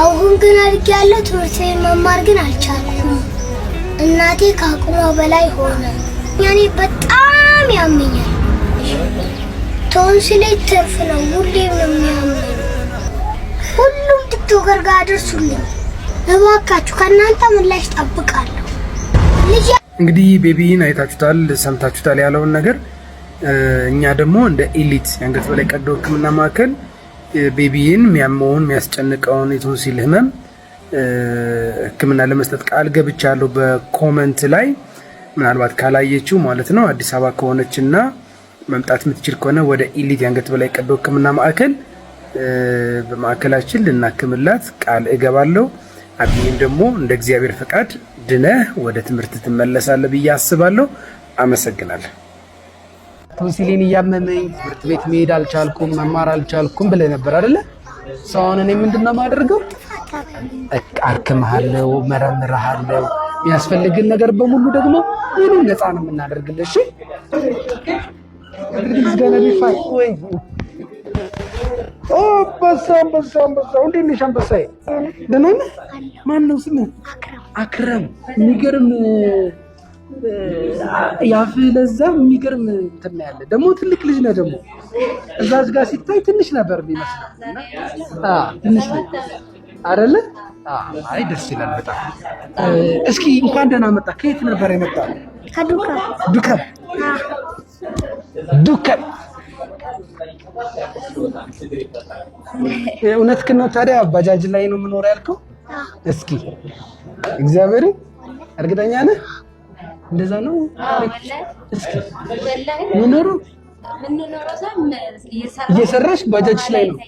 አሁን ግን አድግ ያለው ትምህርቴን መማር ግን አልቻልኩም። እናቴ ከአቅሟ በላይ ሆነ። ያኔ በጣም ያመኛል። ቶንሲሌ ትርፍ ነው፣ ሁሌም ነው የሚያመኝ። ሁሉም ቲክቶከር ጋር አደርሱልኝ እባካችሁ። ከእናንተ ምላሽ ጠብቃለሁ። እንግዲህ ቤቢን አይታችሁታል፣ ሰምታችሁታል ያለውን ነገር እኛ ደግሞ እንደ ኤሊት የአንገት በላይ ቀዶ ሕክምና ማዕከል ቤቢን የሚያመውን የሚያስጨንቀውን የቶንሲል ህመም ህክምና ለመስጠት ቃል ገብቻለሁ። በኮመንት ላይ ምናልባት ካላየችው ማለት ነው አዲስ አበባ ከሆነች እና መምጣት የምትችል ከሆነ ወደ ኢሊት የአንገት በላይ ቀዶ ህክምና ማዕከል በማዕከላችን ልናክምላት ቃል እገባለሁ። አብይም ደግሞ እንደ እግዚአብሔር ፈቃድ ድነህ ወደ ትምህርት ትመለሳለህ ብዬ አስባለሁ። አመሰግናለሁ። ቶንሲሌን እያመመኝ ትምህርት ቤት መሄድ አልቻልኩም፣ መማር አልቻልኩም ብለህ ነበር አይደለ? ሰው አሁን እኔ ምንድን ነው የማደርገው? አርክምሃለሁ፣ መረምርሃለሁ። የሚያስፈልግን ነገር በሙሉ ደግሞ እኔ ነፃ ነው የምናደርግልህ። እሺ አንበሳ፣ ማነው ስምህ? አክረም። የሚገርም ያፍ ለዛ የሚገርም እንትን ያለ ደግሞ ትልቅ ልጅ ነው። ደግሞ እዛች ጋር ሲታይ ትንሽ ነበር የሚመስለው ትንሽ አይደለ? አይ ደስ ይላል በጣም። እስኪ እንኳን ደህና መጣ። ከየት ነበር የመጣ? ዱከም ዱከም። እውነትህን ነው። ታዲያ ባጃጅ ላይ ነው የምኖር ያልከው? እስኪ እግዚአብሔር እርግጠኛ ነህ? እንደዛ ነው የምኖረው። እየሰራሽ ባጃጅሽ ላይ ነው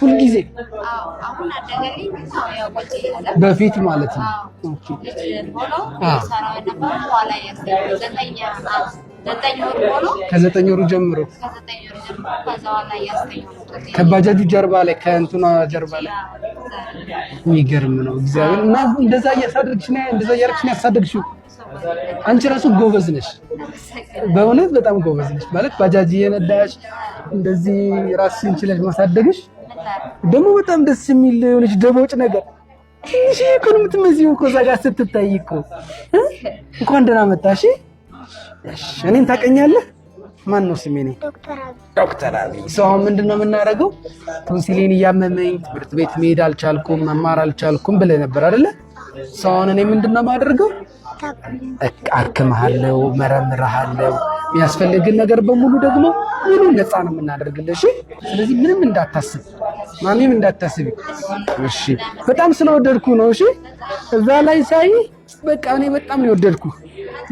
ሁልጊዜ። በፊት ማለት ነው ከዘጠኝ ወሩ ጀምሮ ከባጃጁ ጀርባ ላይ ከእንትኗ ጀርባ ላይ የሚገርም ነው እግዚአብሔር እና እንደዛ እያሳደግሽ እንደዛ እያደረግሽ ነው ያሳደግሽው አንቺ ራሱ ጎበዝ ነሽ፣ በእውነት በጣም ጎበዝ ነሽ። ማለት ባጃጅ እየነዳሽ እንደዚህ ራስ ችለሽ ማሳደግሽ ደግሞ በጣም ደስ የሚል የሆነች ደቦጭ ነገር ትንሽ እኮ ነው የምትመስይው እኮ እዛ ጋር ስትታይ እኮ። እንኳን ደህና መጣሽ። እኔን ታውቀኛለህ? ማን ነው ስሜ? እኔ ዶክተር አብይ ሰው። አሁን ምንድን ነው የምናደርገው? ቶንሲሌን እያመመኝ ትምህርት ቤት መሄድ አልቻልኩም፣ መማር አልቻልኩም ብለህ ነበር አይደለ? ሰውን እኔ ምንድን ነው የማደርገው? አክምሃለው፣ መረምርሃለው። የሚያስፈልግን ነገር በሙሉ ደግሞ ሙሉ ነፃ ነው የምናደርግልህ። እሺ፣ ስለዚህ ምንም እንዳታስብ፣ ማሚም እንዳታስብ። እሺ፣ በጣም ስለወደድኩ ነው። እሺ፣ እዛ ላይ ሳይ በቃ እኔ በጣም ነው የወደድኩ።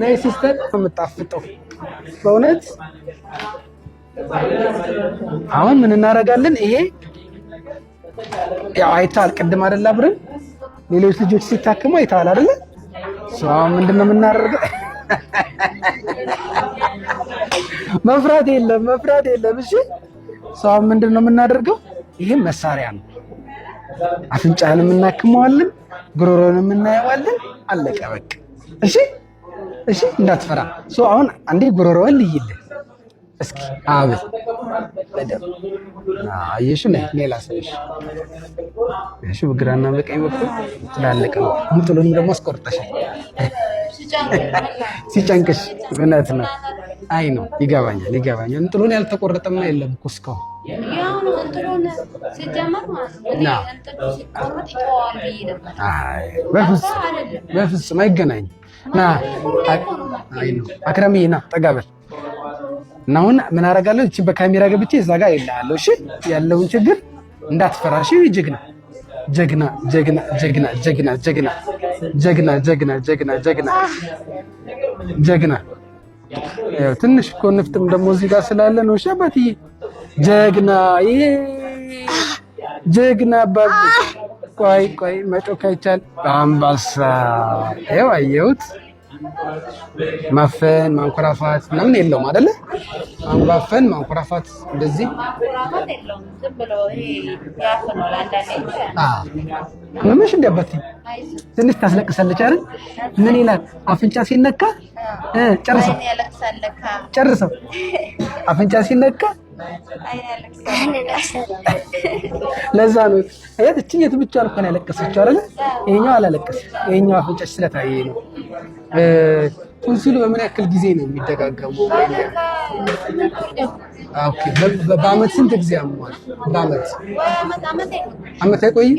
ናይ ሲስተር የምጣፍጠው በእውነት አሁን ምን እናደርጋለን? ይሄ ያው አይታል ቅድም አይደል አብረን ሌሎች ልጆች ሲታከሙ አይተሃል አይደለ? ሰው ምንድነው የምናደርገው? መፍራት የለም መፍራት የለም። እሺ ሰው ምንድነው የምናደርገው? ይሄ መሳሪያ ነው። አፍንጫህንም እናክመዋለን፣ ጉሮሮንም እናየዋለን። አለቀ በቃ። እሺ እሺ፣ እንዳትፈራ። ሰው አሁን አንዴ ጉሮሮውን ልይልህ እስኪ አብ አየሽ ነ ሌላ ሰው እሺ፣ በግራና በቀኝ በኩል ትላለቀ ሙጥሉንም ደግሞ አስቆርጠሻል። ሲጨንቅሽ እውነት ነው። አይ ነው ይገባኛል፣ ይገባኛል። እንጥሉን ያልተቆረጠማ የለም እኮ እስካሁን በፍጹም አይገናኝም። ና አክረምዬ ና ጠጋ በል እና አሁን ምን አደርጋለሁ? እቺ በካሜራ ገብቼ እዛ ጋር ይላለሁ። እሺ ያለውን ችግር እንዳትፈራሽ ጀግና ጀግና ጀግና ጀግና ጀግና ጀግና ጀግና ጀግና ጀግና ጀግና ጀግና ያው ትንሽ እኮ ንፍጥም ደግሞ እዚህ ጋር ስላለ ነው። እሺ አባትዬ ጀግና ይሄ ጀግና አባብ ቆይ ቆይ መጮክ አይቻል። አምባሳ ይኸው አየሁት። ማፈን ማንኮራፋት ምናምን የለውም አይደለ? ማንኮራፈን ማንኮራፋት እንደዚህ ምንሽ እንዲያባት ትንሽ ታስለቅሳለች አይደል? ምን ይላል? አፍንጫ ሲነካ ጨርሰው ጨርሰው አፍንጫ ሲነካ ለዛ ነው አያት እቺ የት ብቻ አልኳን ያለቀሰችው አይደል? ይሄኛው አላለቀሰ። ይሄኛው አፍንጫሽ ስለታየ ነው። ቶንሲሉ በምን ያክል ጊዜ ነው የሚደጋገመው? በአመት ስንት ጊዜ አሟል? በአመት አመት አይቆይም።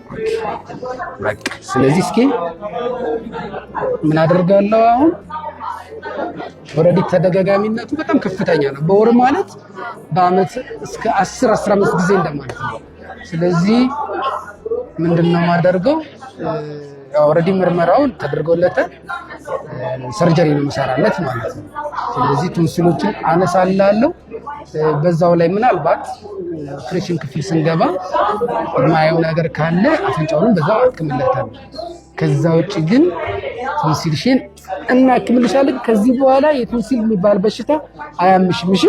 በቃ ስለዚህ እስኪ ምን አደርጋለሁ አሁን ወረዲ ተደጋጋሚነቱ በጣም ከፍተኛ ነው። በወር ማለት በአመት እስከ 10 15 ጊዜ እንደማለት ነው። ስለዚህ ምንድነው ማደርገው ኦልሬዲ ምርመራውን ተደርጎለታል። ሰርጀሪ ነው መሰራለት ማለት ነው። ስለዚህ ቱንሲሎችን አነሳላለሁ። በዛው ላይ ምናልባት ኦፕሬሽን ክፍል ስንገባ የማየው ነገር ካለ አፍንጫውንም በዛ አክምለታለሁ። ከዛ ውጭ ግን ቶንሲልሽን እና አክምልሻለን። ከዚህ በኋላ የቶንሲል የሚባል በሽታ አያምሽም። እሺ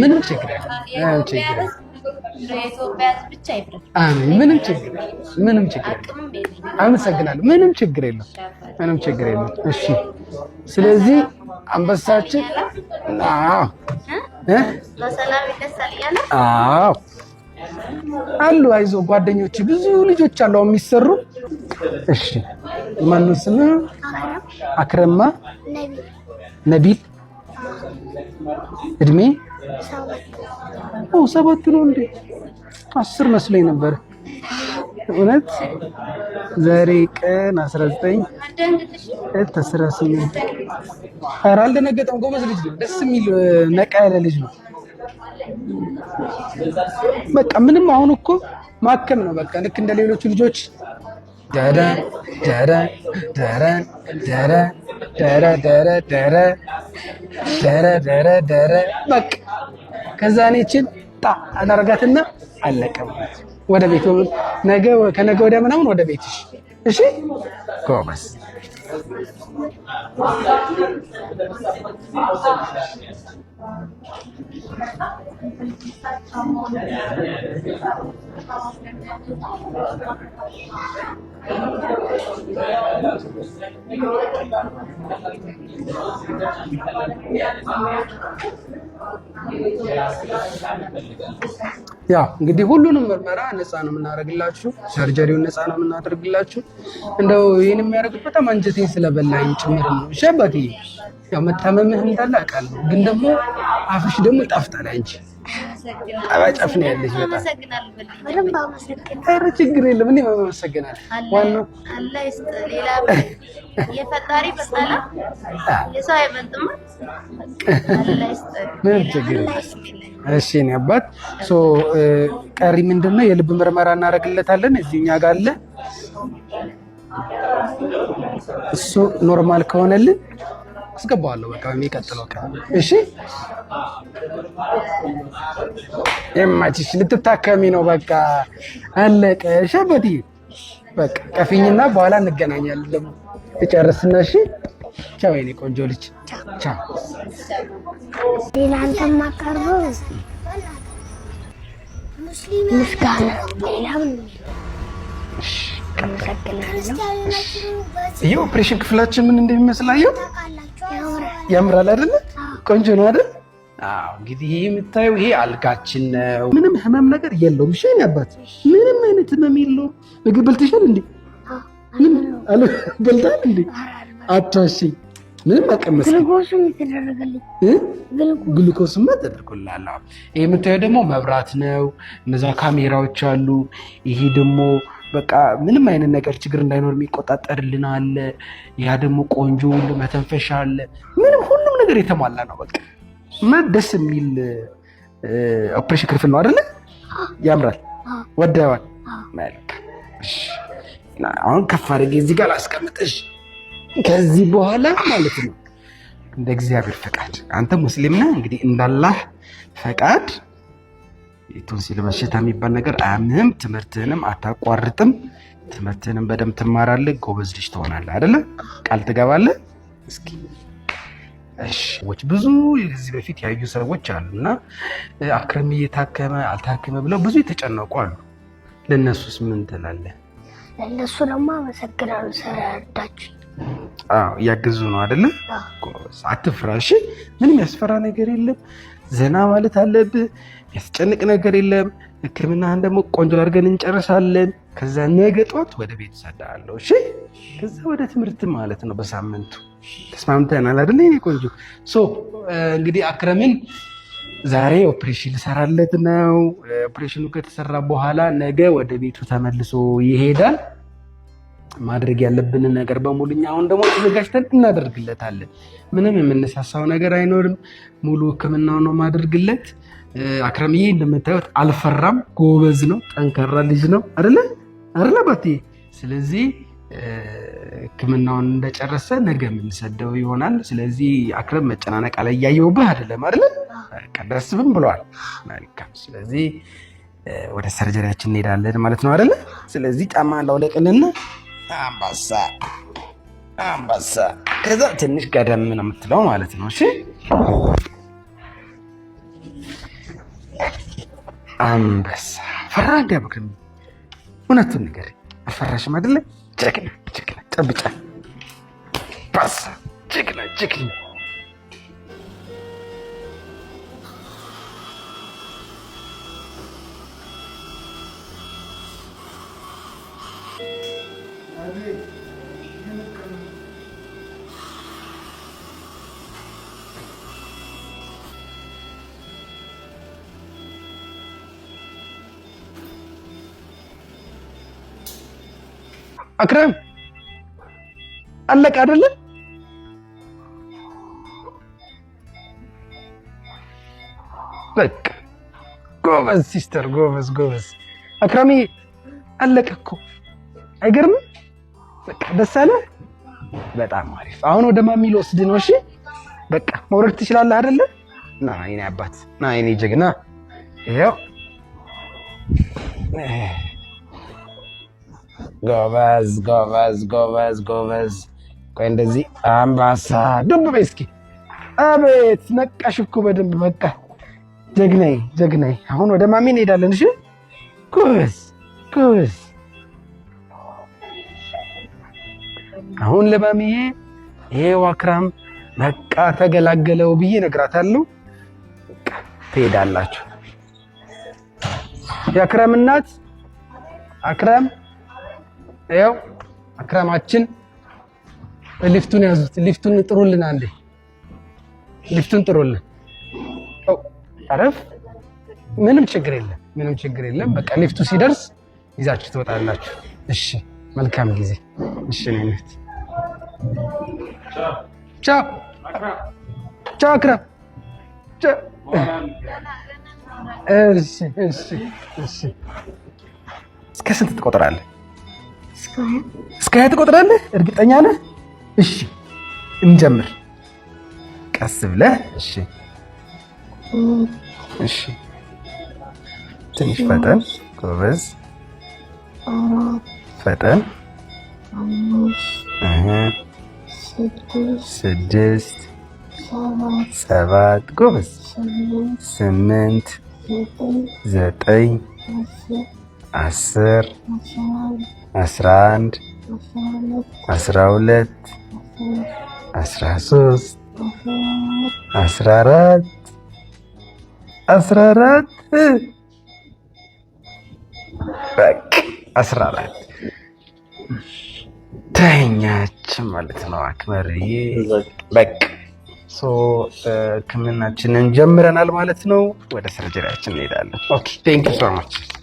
ምንም ችግር ምንም ችግር ምንም ችግር አመሰግናለሁ። ምንም ችግር የለም። ምንም ችግር የለም። እሺ። ስለዚህ አንበሳችን አዎ፣ አዎ አሉ አይዞ ጓደኞች ብዙ ልጆች አሉ የሚሰሩ። እሺ። ማነው ስም? አክረማ ነቢል። እድሜ አዎ ሰባት ነው እንዴ? አስር መስለኝ ነበር። እውነት ዛሬ ቀን 19 18 ኧረ አልደነገጠም። ጎበዝ ልጅ ነው። ደስ የሚል ነቃ ያለ ልጅ ነው። በቃ ምንም አሁን እኮ ማከም ነው። በቃ ልክ እንደ ሌሎቹ ልጆች ዳዳ ዳዳ ዳዳ ዳዳ ዳዳ ዳዳ ዳዳ ዳዳ ዳዳ በቃ ከዛ እኔ ይችል ጣ አደረጋትና አለቀባት። ወደ ቤት ነገ ከነገ ወዲያ ምናምን ወደ ቤትሽ። እሺ ጎበዝ። ያ እንግዲህ ሁሉንም ምርመራ ነፃ ነው የምናደርግላችሁ። ሰርጀሪውን ነፃ ነው የምናደርግላችሁ። እንደው ይህን በጣም አንጀቴን ስለበላኝ ጭምር ነው። ሸበቴ ያው መታመምህ እንዳለ አውቃለሁ፣ ግን ደግሞ አፍሽ ደግሞ ይጣፍጣል አንቺ ጫፍ ነው ያለሽ። ኧረ ችግር የለም። እኔ አመሰግናለሁ። ዋናው ይስጥ። ሌላ የፈጣሪ የሰው ችግር እሺ እኔ አባት ሶ ቀሪ ምንድን ነው የልብ ምርመራ እናደርግለታለን። እዚህ እኛ ጋር አለ። እሱ ኖርማል ከሆነልን አስገባዋለሁ። በቃ የሚቀጥለው ቀን እሺ። የማችሽ ልትታከሚ ነው። በቃ አለቀ። ሸበት በቃ ቀፊኝና በኋላ እንገናኛለን። ደግሞ ትጨርስና እሺ። ቻው የኔ ቆንጆ ልጅ ቻው። ሌላንተ ማቀርበው ምስጋና ሌላም ይህ ኦፕሬሽን ክፍላችን ምን እንደሚመስል አየሁ። ያምራል አይደል? ቆንጆ ነው አይደል? አዎ። እንግዲህ ይሄ የምታየው ይሄ አልጋችን ነው። ምንም ህመም ነገር የለውም። እሺ የእኔ አባት፣ ምንም አይነት ህመም የለውም። ምግብ በልተሻል እንዴ? ምን አለ በልታል እንዴ? አታሺ ምንም አቀመስ ግሉኮስም ተደረገልኝ። ይሄ የምታየው ደግሞ መብራት ነው። እነዛ ካሜራዎች አሉ። ይሄ ደግሞ በቃ ምንም አይነት ነገር ችግር እንዳይኖር የሚቆጣጠርልን አለ። ያ ደግሞ ቆንጆ ሁሉ መተንፈሻ አለ። ምንም ሁሉም ነገር የተሟላ ነው። በቃ ደስ የሚል ኦፕሬሽን ክፍል ነው አይደለ? ያምራል። ወደዋል። አሁን ከፍ አድርጌ እዚህ ጋር ላስቀምጥሽ። ከዚህ በኋላ ማለት ነው እንደ እግዚአብሔር ፈቃድ አንተ ሙስሊም ነህ እንግዲህ እንዳላህ ፈቃድ የቶንሲል በሽታ የሚባል ነገር አያምህም። ትምህርትህንም አታቋርጥም። ትምህርትህንም በደንብ ትማራለህ። ጎበዝ ልጅ ትሆናለህ። አይደለ? ቃል ትገባለህ። እስኪ ሰዎች ብዙ ከዚህ በፊት ያዩ ሰዎች አሉ እና እየታከመ አልታከመ ብለው ብዙ የተጨነቁ አሉ። ለእነሱስ ምን ትላለህ? ለእነሱ ደግሞ አመሰግናለሁ ስለረዳችሁ እያገዙ ነው አደለ? አትፍራሽ ምንም ያስፈራ ነገር የለም። ዘና ማለት አለብህ። የሚያስጨንቅ ነገር የለም። ሕክምናህን ደግሞ ቆንጆ አድርገን እንጨርሳለን። ከዛ ነገ ጠዋት ወደ ቤት እሰዳለሁ። እሺ፣ ከዛ ወደ ትምህርት ማለት ነው። በሳምንቱ ተስማምተናል አይደል? ቆንጆ። ሶ እንግዲህ አክረምን ዛሬ ኦፕሬሽን ልሰራለት ነው። ኦፕሬሽኑ ከተሰራ በኋላ ነገ ወደ ቤቱ ተመልሶ ይሄዳል። ማድረግ ያለብንን ነገር በሙሉ እኛ አሁን ደግሞ ተዘጋጅተን እናደርግለታለን። ምንም የምነሳሳው ነገር አይኖርም። ሙሉ ሕክምናው ነው ማደርግለት። አክረምዬ እንደምታዩት አልፈራም። ጎበዝ ነው፣ ጠንካራ ልጅ ነው። አደለ አደለ ባቴ። ስለዚህ ሕክምናውን እንደጨረሰ ነገ የምንሰደው ይሆናል። ስለዚህ አክረም መጨናነቅ አለ እያየውብህ አደለም አደለ ቀደስብም ብለዋል። መልካም ስለዚህ ወደ ሰርጀሪያችን እንሄዳለን ማለት ነው አይደለ። ስለዚህ ጫማ እንዳውለቅልና አንበሳ አንበሳ። ከዛ ትንሽ ቀደም ነው የምትለው ማለት ነው። እሺ አንበሳ ፈራ እንዲያብክም እውነቱን ነገር አፈራሽም አይደለ? ጀግና ጀግና ጨብጫ ባሳ ጀግና ጀግና አክረም አለቀ አይደለ? በቃ ጎበዝ ሲስተር፣ ጎበዝ ጎበዝ። አክረሚ አለቀ እኮ አይገርምም? በቃ ደስ አለ። በጣም አሪፍ። አሁን ወደ ማሚ ልወስድ ነው። እሺ በቃ መውረድ ትችላለህ አይደለ? ና የኔ አባት፣ ና የኔ ጀግና። ይኸው ጎበዝ ጎበዝ ጎበዝ ጎበዝ። ቆይ እንደዚህ አምባሳ ዱብ በይ እስኪ። አቤት ነቃሽ እኮ በደንብ በቃ ጀግናይ ጀግናይ። አሁን ወደ ማሚ እንሄዳለን። እሺ ጎበዝ ጎበዝ። አሁን ለማሚዬ ይሄው አክራም በቃ ተገላገለው ብዬ እነግራታለሁ። ትሄዳላችሁ የአክራም እናት አክራም ያው አክራማችን ሊፍቱን ያዙት። ሊፍቱን ጥሩልን፣ አንዴ ሊፍቱን ጥሩልን። አረፍ ምንም ችግር የለም፣ ምንም ችግር የለም። በቃ ሊፍቱ ሲደርስ ይዛችሁ ትወጣላችሁ። እሺ፣ መልካም ጊዜ። እሺ፣ ነኝት። ቻው ቻው፣ አክራም እስከ ስንት ትቆጥራለህ? እስከ ሀያ ትቆጥራለህ? እርግጠኛ ነህ? እሺ እንጀምር። ቀስ ብለህ እሺ፣ እሺ፣ ትንሽ ፈጠን፣ ጎበዝ፣ ፈጠን። ስድስት፣ ሰባት፣ ጎበዝ፣ ስምንት፣ ዘጠኝ አስር አስራ አንድ አስራ ሁለት አስራ ሶስት አስራ አራት አስራ አራት በቃ አስራ አራት ተኛችን ማለት ነው። አክመር በቃ ሶ ህክምናችንን ጀምረናል ማለት ነው። ወደ ሰርጀሪያችን እንሄዳለን። ኦኬ ቴንክ ዩ ሶ ማች